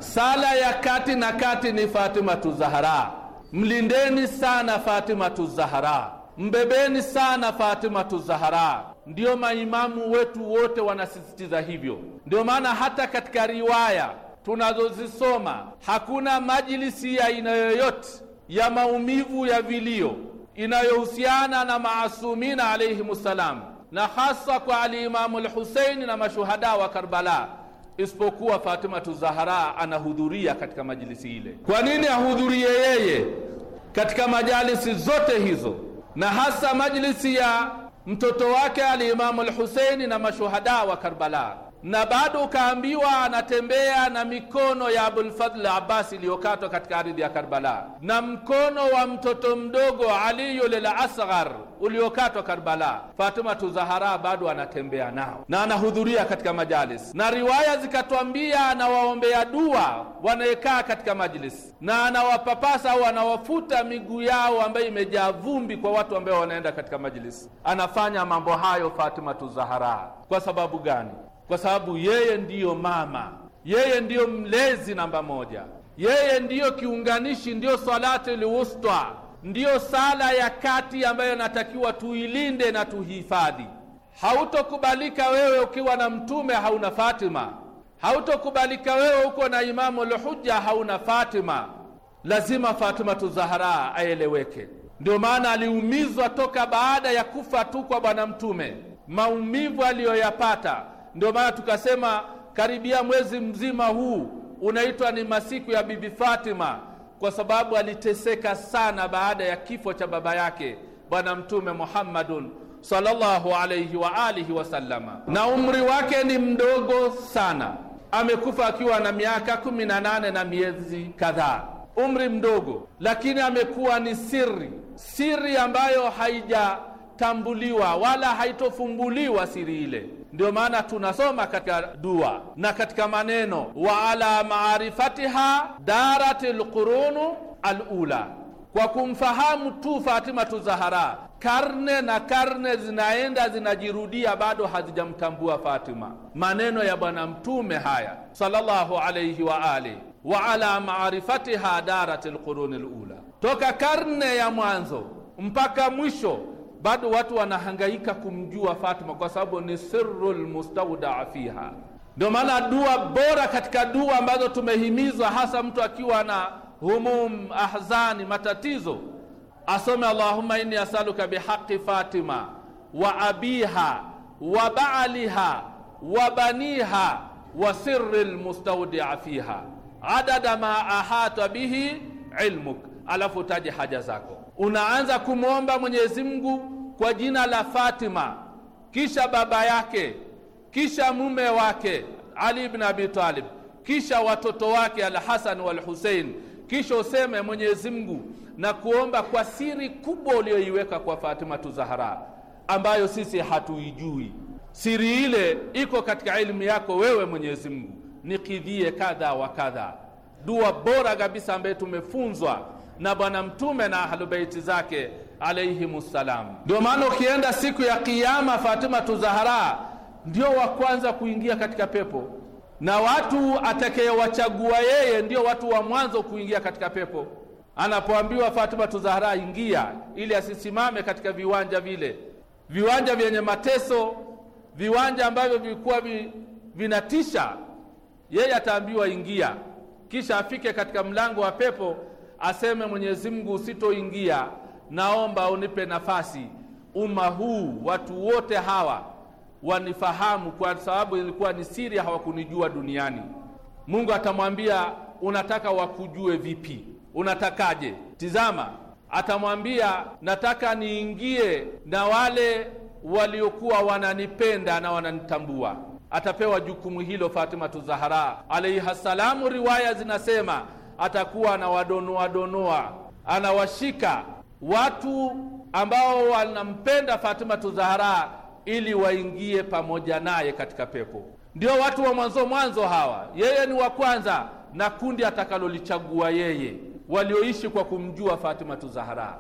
[SPEAKER 5] Sala ya kati na kati ni Fatimatu Zahara. Mlindeni sana Fatimatu Zahara, mbebeni sana Fatimatu Zahara. Ndiyo maimamu wetu wote wanasisitiza hivyo, ndio maana hata katika riwaya tunazozisoma hakuna majlisi ya aina yoyote ya maumivu ya vilio inayohusiana na maasumina alayhim salam, na hasa kwa alimamu Lhuseini na mashuhada wa Karbala, isipokuwa Fatimatu Zahara anahudhuria katika majlisi ile. Kwa nini ahudhurie yeye katika majalisi zote hizo, na hasa majlisi ya mtoto wake alimamu Lhuseini na mashuhada wa Karbala? na bado ukaambiwa anatembea na mikono ya Abulfadl Abbas iliyokatwa katika ardhi ya Karbala na mkono wa mtoto mdogo Aliyu lil Asghar uliokatwa Karbala. Fatimatu zahara bado anatembea nao na anahudhuria katika majalis, na riwaya zikatwambia anawaombea dua wanayekaa katika majlis, na anawapapasa au anawafuta miguu yao ambayo imejaa vumbi kwa watu ambao wanaenda katika majlis. Anafanya mambo hayo Fatima zahara kwa sababu gani? kwa sababu yeye ndiyo mama, yeye ndiyo mlezi namba moja, yeye ndiyo kiunganishi, ndiyo salati lwusta, ndiyo sala ya kati ambayo natakiwa tuilinde na tuhifadhi. Hautokubalika wewe ukiwa na mtume hauna Fatima, hautokubalika wewe uko na Imamu Lhuja hauna Fatima. Lazima Fatimatu Zahara aeleweke. Ndio maana aliumizwa toka baada ya kufa tu kwa Bwana Mtume, maumivu aliyoyapata ndio maana tukasema karibia mwezi mzima huu unaitwa ni masiku ya Bibi Fatima, kwa sababu aliteseka sana baada ya kifo cha baba yake Bwana Mtume Muhammadun sallallahu alayhi wa alihi wasallama, na umri wake ni mdogo sana. Amekufa akiwa na miaka kumi na nane na miezi kadhaa, umri mdogo, lakini amekuwa ni siri, siri ambayo haijatambuliwa wala haitofumbuliwa siri ile ndio maana tunasoma katika dua na katika maneno, wa ala maarifatiha darati lqurunu alula, kwa kumfahamu tu fatima Zahara, karne na karne zinaenda zinajirudia, bado hazijamtambua Fatima. Maneno ya Bwana Mtume haya sallallahu alayhi wa alihi wa ala maarifatiha darat lquruni lula, toka karne ya mwanzo mpaka mwisho bado watu wanahangaika kumjua Fatima kwa sababu ni sirrul mustaudaa fiha. Ndio maana dua bora katika dua ambazo tumehimizwa, hasa mtu akiwa na humum, ahzani, matatizo, asome Allahumma inni asaluka bihaqi Fatima wa abiha wa baaliha wa baniha wa sirri lmustaudia fiha adada ma ahata bihi ilmuk, alafu taji haja zako unaanza kumwomba Mwenyezi Mungu kwa jina la Fatima, kisha baba yake, kisha mume wake Ali ibn Abi Talib, kisha watoto wake Al-Hasan wal Hussein, kisha useme Mwenyezi Mungu na kuomba kwa siri kubwa uliyoiweka kwa Fatima Zahra, ambayo sisi hatuijui. Siri ile iko katika elimu yako wewe Mwenyezi Mungu, nikidhie kadha wa kadha. Dua bora kabisa ambayo tumefunzwa na Bwana Mtume na ahlubeiti zake ssalam Ndio maana ukienda siku ya Kiyama, Fatima Tuzahara ndio wa kwanza kuingia katika pepo, na watu atakayewachagua yeye ndio watu wa mwanzo kuingia katika pepo. Anapoambiwa Fatima Tuzahara, ingia, ili asisimame katika viwanja vile, viwanja vyenye mateso, viwanja ambavyo vilikuwa vi, vinatisha. Yeye ataambiwa ingia, kisha afike katika mlango wa pepo aseme Mwenyezi Mungu, usitoingia, naomba unipe nafasi. Umma huu watu wote hawa wanifahamu, kwa sababu ilikuwa ni siri, hawakunijua duniani. Mungu atamwambia unataka wakujue vipi? Unatakaje? Tizama, atamwambia nataka niingie na wale waliokuwa wananipenda na wananitambua. Atapewa jukumu hilo fatima tuzahara alaihi salamu. Riwaya zinasema atakuwa anawadonoa donoa, anawashika watu ambao wanampenda fatima Zahara ili waingie pamoja naye katika pepo. Ndio watu wa mwanzo mwanzo hawa, yeye ni wa kwanza na kundi atakalolichagua yeye, walioishi kwa kumjua fatima Zahara,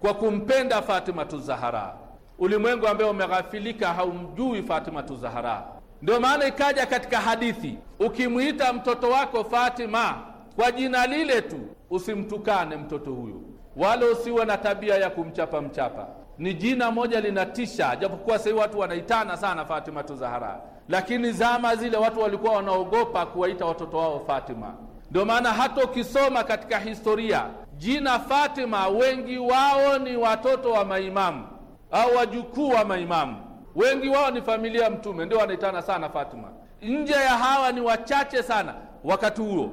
[SPEAKER 5] kwa kumpenda fatima Zahara. Ulimwengu ambaye umeghafilika haumjui fatima Zahara. Ndio maana ikaja katika hadithi, ukimwita mtoto wako Fatima kwa jina lile tu, usimtukane mtoto huyo, wala usiwe na tabia ya kumchapa mchapa. Ni jina moja linatisha, japokuwa sahii watu wanaitana sana Fatima tu Zahara, lakini zama zile watu walikuwa wanaogopa kuwaita watoto wao Fatima. Ndio maana hata ukisoma katika historia jina Fatima, wengi wao ni watoto wa maimamu au wajukuu wa maimamu, wengi wao ni familia ya Mtume, ndio wanaitana sana Fatima. Nje ya hawa ni wachache sana wakati huo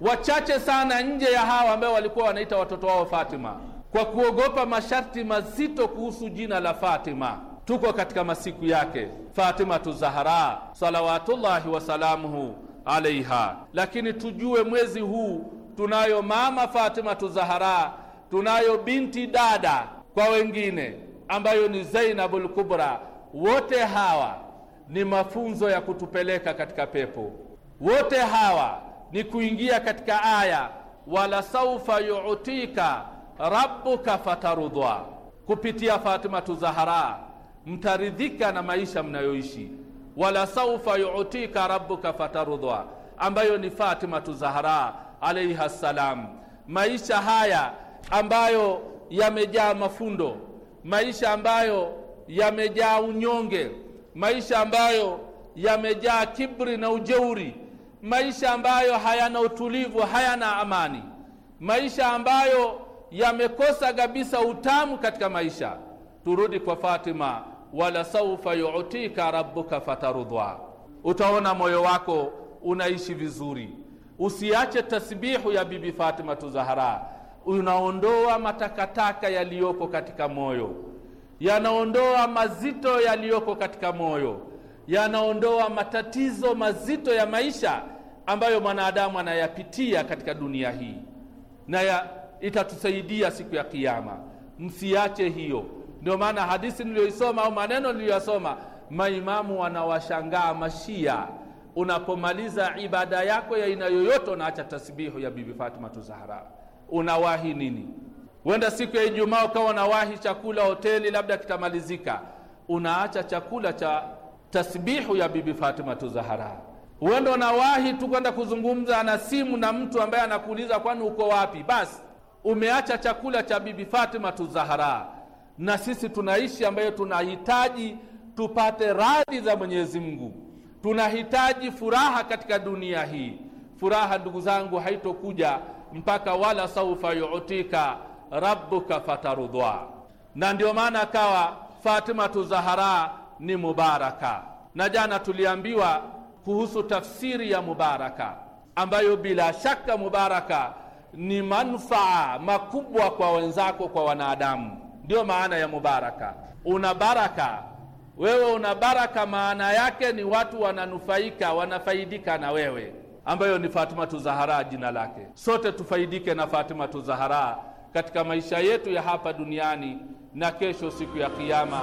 [SPEAKER 5] wachache sana nje ya hawa ambao walikuwa wanaita watoto wao Fatima kwa kuogopa masharti mazito kuhusu jina la Fatima. Tuko katika masiku yake Fatimatu Zahara salawatullahi wasalamuhu alaiha, lakini tujue mwezi huu tunayo mama Fatimatu Zahara, tunayo binti dada kwa wengine ambayo ni Zainabul Kubra. Wote hawa ni mafunzo ya kutupeleka katika pepo. Wote hawa ni kuingia katika aya wala saufa yu'tika rabbuka fatarudwa, kupitia Fatimatu Zahara mtaridhika na maisha mnayoishi. Wala saufa yu'tika rabbuka fatarudwa, ambayo ni fatima Zahara alaiha salam. Maisha haya ambayo yamejaa mafundo, maisha ambayo yamejaa unyonge, maisha ambayo yamejaa kibri na ujeuri maisha ambayo hayana utulivu hayana amani maisha ambayo yamekosa kabisa utamu katika maisha turudi kwa fatima wala saufa yutika rabbuka fatarudhwa utaona moyo wako unaishi vizuri usiache tasbihu ya bibi fatima tuzahara unaondoa matakataka yaliyoko katika moyo yanaondoa mazito yaliyoko katika moyo yanaondoa matatizo mazito ya maisha ambayo mwanadamu anayapitia katika dunia hii, na ya itatusaidia siku ya Kiyama. Msiache hiyo. Ndio maana hadithi niliyoisoma au maneno niliyoyasoma, maimamu wanawashangaa Mashia, unapomaliza ibada yako ya aina yoyote, unaacha tasbihu ya Bibi Fatima Zahra, unawahi nini? Wenda siku ya Ijumaa ukawa unawahi chakula hoteli, labda kitamalizika, unaacha chakula cha tasbihu ya Bibi Fatima Zahara. Huenda unawahi tu kwenda kuzungumza na simu na mtu ambaye anakuuliza kwani uko wapi? Basi umeacha chakula cha Bibi Fatima Zahara. na sisi tunaishi ambayo tunahitaji tupate radhi za Mwenyezi Mungu, tunahitaji furaha katika dunia hii. Furaha ndugu zangu haitokuja mpaka wala saufa yutika rabbuka fatarudhwa, na ndio maana akawa Fatima Zahara ni mubaraka. Na jana tuliambiwa kuhusu tafsiri ya mubaraka, ambayo bila shaka mubaraka ni manufaa makubwa kwa wenzako, kwa wanadamu. Ndiyo maana ya mubaraka. Una baraka wewe, una baraka, maana yake ni watu wananufaika, wanafaidika na wewe, ambayo ni Fatima Tuzahara jina lake. Sote tufaidike na Fatima Tuzahara katika maisha yetu ya hapa duniani na kesho siku ya Kiyama.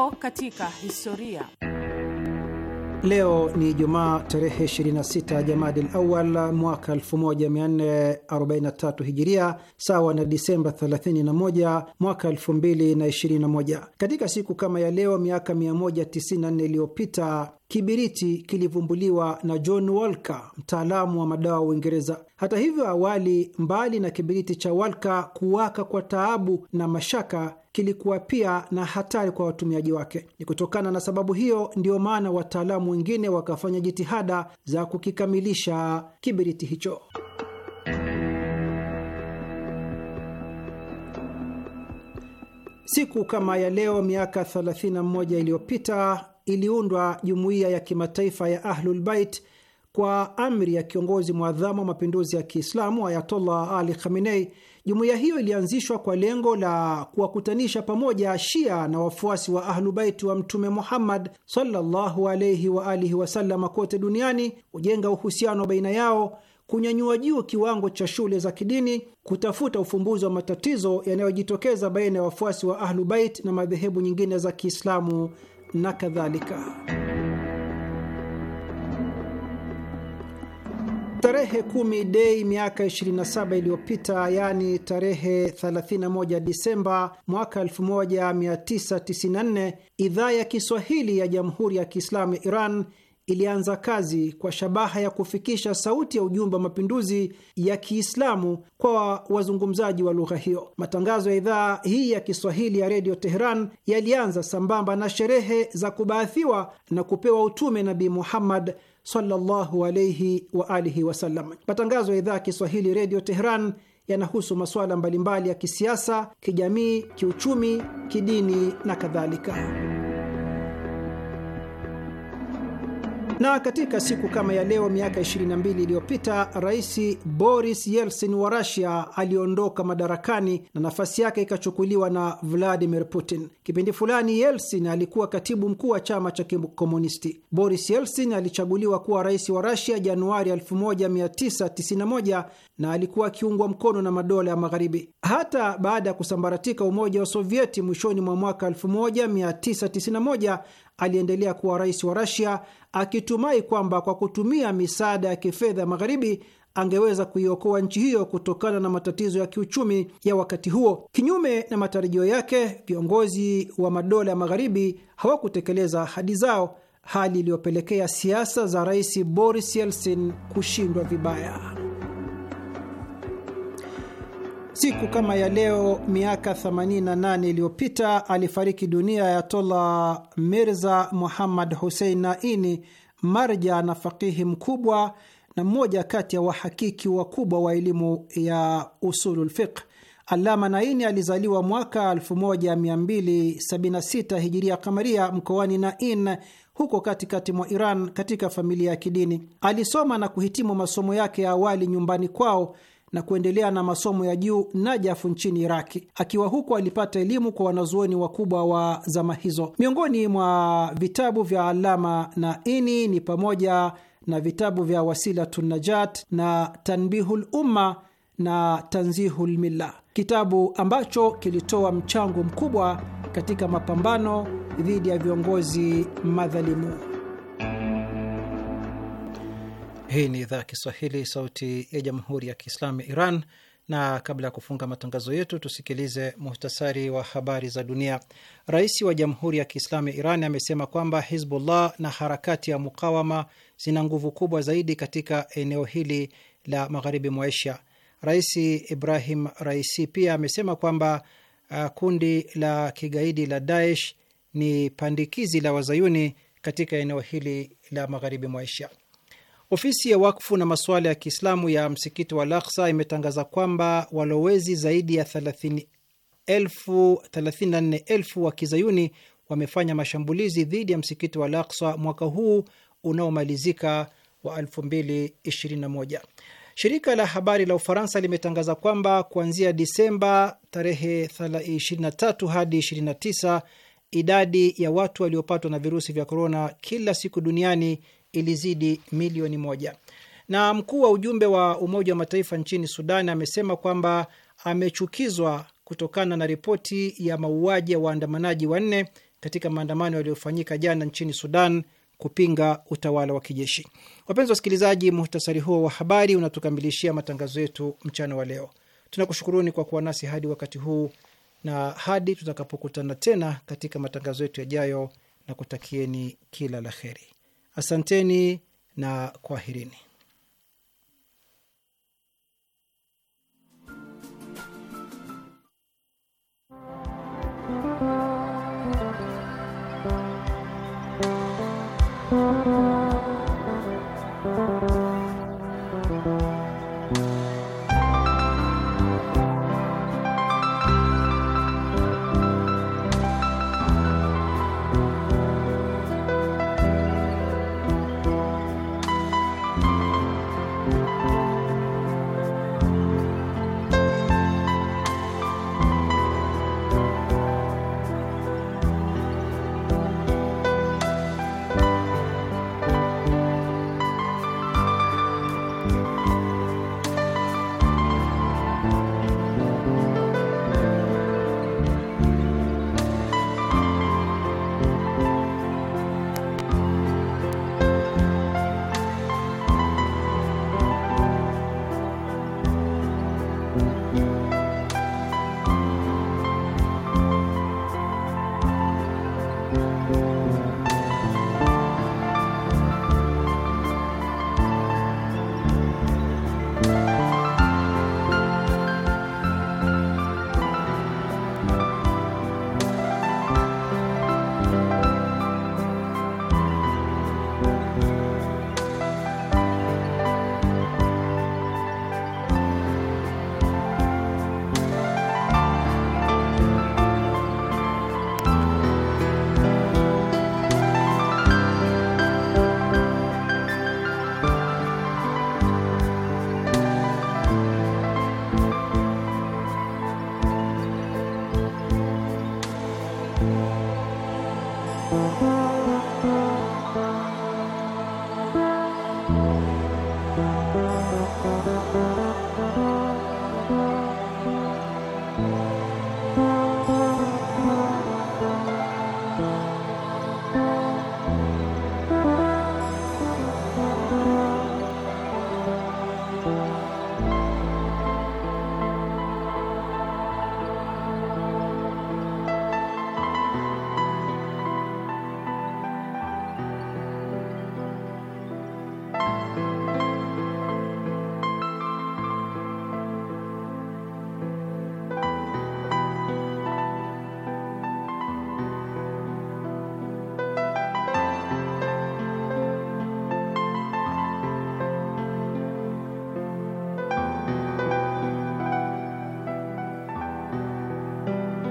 [SPEAKER 6] Leo katika historia.
[SPEAKER 1] Leo ni Jumaa tarehe 26 Jamadil Awal mwaka 1443 Hijiria, sawa na Disemba 31 mwaka 2021. Katika siku kama ya leo miaka 194 iliyopita Kibiriti kilivumbuliwa na John Walker, mtaalamu wa madawa wa Uingereza. Hata hivyo, awali, mbali na kibiriti cha Walker kuwaka kwa taabu na mashaka, kilikuwa pia na hatari kwa watumiaji wake. Ni kutokana na sababu hiyo ndiyo maana wataalamu wengine wakafanya jitihada za kukikamilisha kibiriti hicho. Siku kama ya leo miaka 31 iliyopita iliundwa jumuiya ya kimataifa ya Ahlulbait kwa amri ya kiongozi mwadhamu wa mapinduzi ya Kiislamu Ayatollah Ali Khamenei. Jumuiya hiyo ilianzishwa kwa lengo la kuwakutanisha pamoja Shia na wafuasi wa Ahlubaiti wa Mtume Muhammad sallallahu alaihi wa alihi kote duniani, kujenga uhusiano baina yao, kunyanyua juu kiwango cha shule za kidini, kutafuta ufumbuzi wa matatizo yanayojitokeza baina ya wafuasi wa Ahlubait na madhehebu nyingine za Kiislamu na kadhalika. Tarehe kumi Dei miaka 27 iliyopita, yaani tarehe 31 Disemba mwaka 1994, idhaa ya Kiswahili ya Jamhuri ya Kiislamu ya Iran ilianza kazi kwa shabaha ya kufikisha sauti ya ujumbe wa mapinduzi ya Kiislamu kwa wazungumzaji wa lugha hiyo. Matangazo ya idhaa hii ya Kiswahili ya Redio Teheran yalianza sambamba na sherehe za kubaathiwa na kupewa utume Nabii Muhammad sallallahu alayhi wa alihi wasallam. Matangazo ya idhaa ya Kiswahili Redio Teheran yanahusu masuala mbalimbali ya kisiasa, kijamii, kiuchumi, kidini na kadhalika. Na katika siku kama ya leo miaka 22 iliyopita Rais Boris Yeltsin wa Russia aliondoka madarakani na nafasi yake ikachukuliwa na Vladimir Putin. Kipindi fulani Yeltsin alikuwa katibu mkuu wa chama cha Kikomunisti. Boris Yeltsin alichaguliwa kuwa rais wa Russia Januari 1991 na alikuwa akiungwa mkono na madola ya Magharibi. Hata baada ya kusambaratika Umoja wa Sovieti mwishoni mwa mwaka 1991 aliendelea kuwa rais wa Rasia akitumai kwamba kwa kutumia misaada ya kifedha magharibi angeweza kuiokoa nchi hiyo kutokana na matatizo ya kiuchumi ya wakati huo. Kinyume na matarajio yake, viongozi wa madola ya magharibi hawakutekeleza ahadi zao, hali iliyopelekea siasa za rais Boris Yeltsin kushindwa vibaya. Siku kama ya leo miaka 88 iliyopita alifariki dunia ya Tola Mirza Muhammad Hussein Naini, marja na fakihi mkubwa na mmoja kati ya wahakiki wakubwa wa elimu ya usulul fiqh. Alama Naini alizaliwa mwaka 1276 hijiria kamaria mkoani Nain huko katikati mwa Iran katika familia ya kidini. Alisoma na kuhitimu masomo yake ya awali nyumbani kwao na kuendelea na masomo ya juu Najafu nchini Iraki. Akiwa huko alipata elimu kwa wanazuoni wakubwa wa zama hizo. Miongoni mwa vitabu vya Alama na ini ni pamoja na vitabu vya Wasilatu Najat na Tanbihul Umma na Tanzihul Milla, kitabu ambacho kilitoa mchango mkubwa katika mapambano dhidi ya viongozi madhalimu. Hii ni idhaa ya Kiswahili, sauti ya jamhuri ya kiislamu ya Iran. Na kabla ya kufunga matangazo yetu, tusikilize muhtasari wa habari za dunia. Rais wa jamhuri ya kiislamu ya Iran amesema kwamba Hizbullah na harakati ya mukawama zina nguvu kubwa zaidi katika eneo hili la magharibi mwa Asia. Rais Ibrahim Raisi pia amesema kwamba uh, kundi la kigaidi la Daesh ni pandikizi la wazayuni katika eneo hili la magharibi mwa Asia. Ofisi ya wakfu na masuala ya Kiislamu ya msikiti wa Al-Aqsa imetangaza kwamba walowezi zaidi ya 34,000 wa kizayuni wamefanya mashambulizi dhidi ya msikiti wa Al-Aqsa mwaka huu unaomalizika wa 2021. Shirika la habari la Ufaransa limetangaza kwamba kuanzia Disemba tarehe 23 hadi 29 idadi ya watu waliopatwa na virusi vya korona kila siku duniani ilizidi milioni moja. Na mkuu wa ujumbe wa Umoja wa Mataifa nchini Sudan amesema kwamba amechukizwa kutokana na ripoti ya mauaji ya waandamanaji wanne katika maandamano yaliyofanyika jana nchini Sudan kupinga utawala wa kijeshi. Wapenzi wasikilizaji, muhtasari huo wa habari unatukamilishia matangazo yetu mchana wa leo. Tunakushukuruni kwa kuwa nasi hadi wakati huu na hadi tutakapokutana tena katika matangazo yetu yajayo, na kutakieni kila la heri. Asanteni na kwaherini.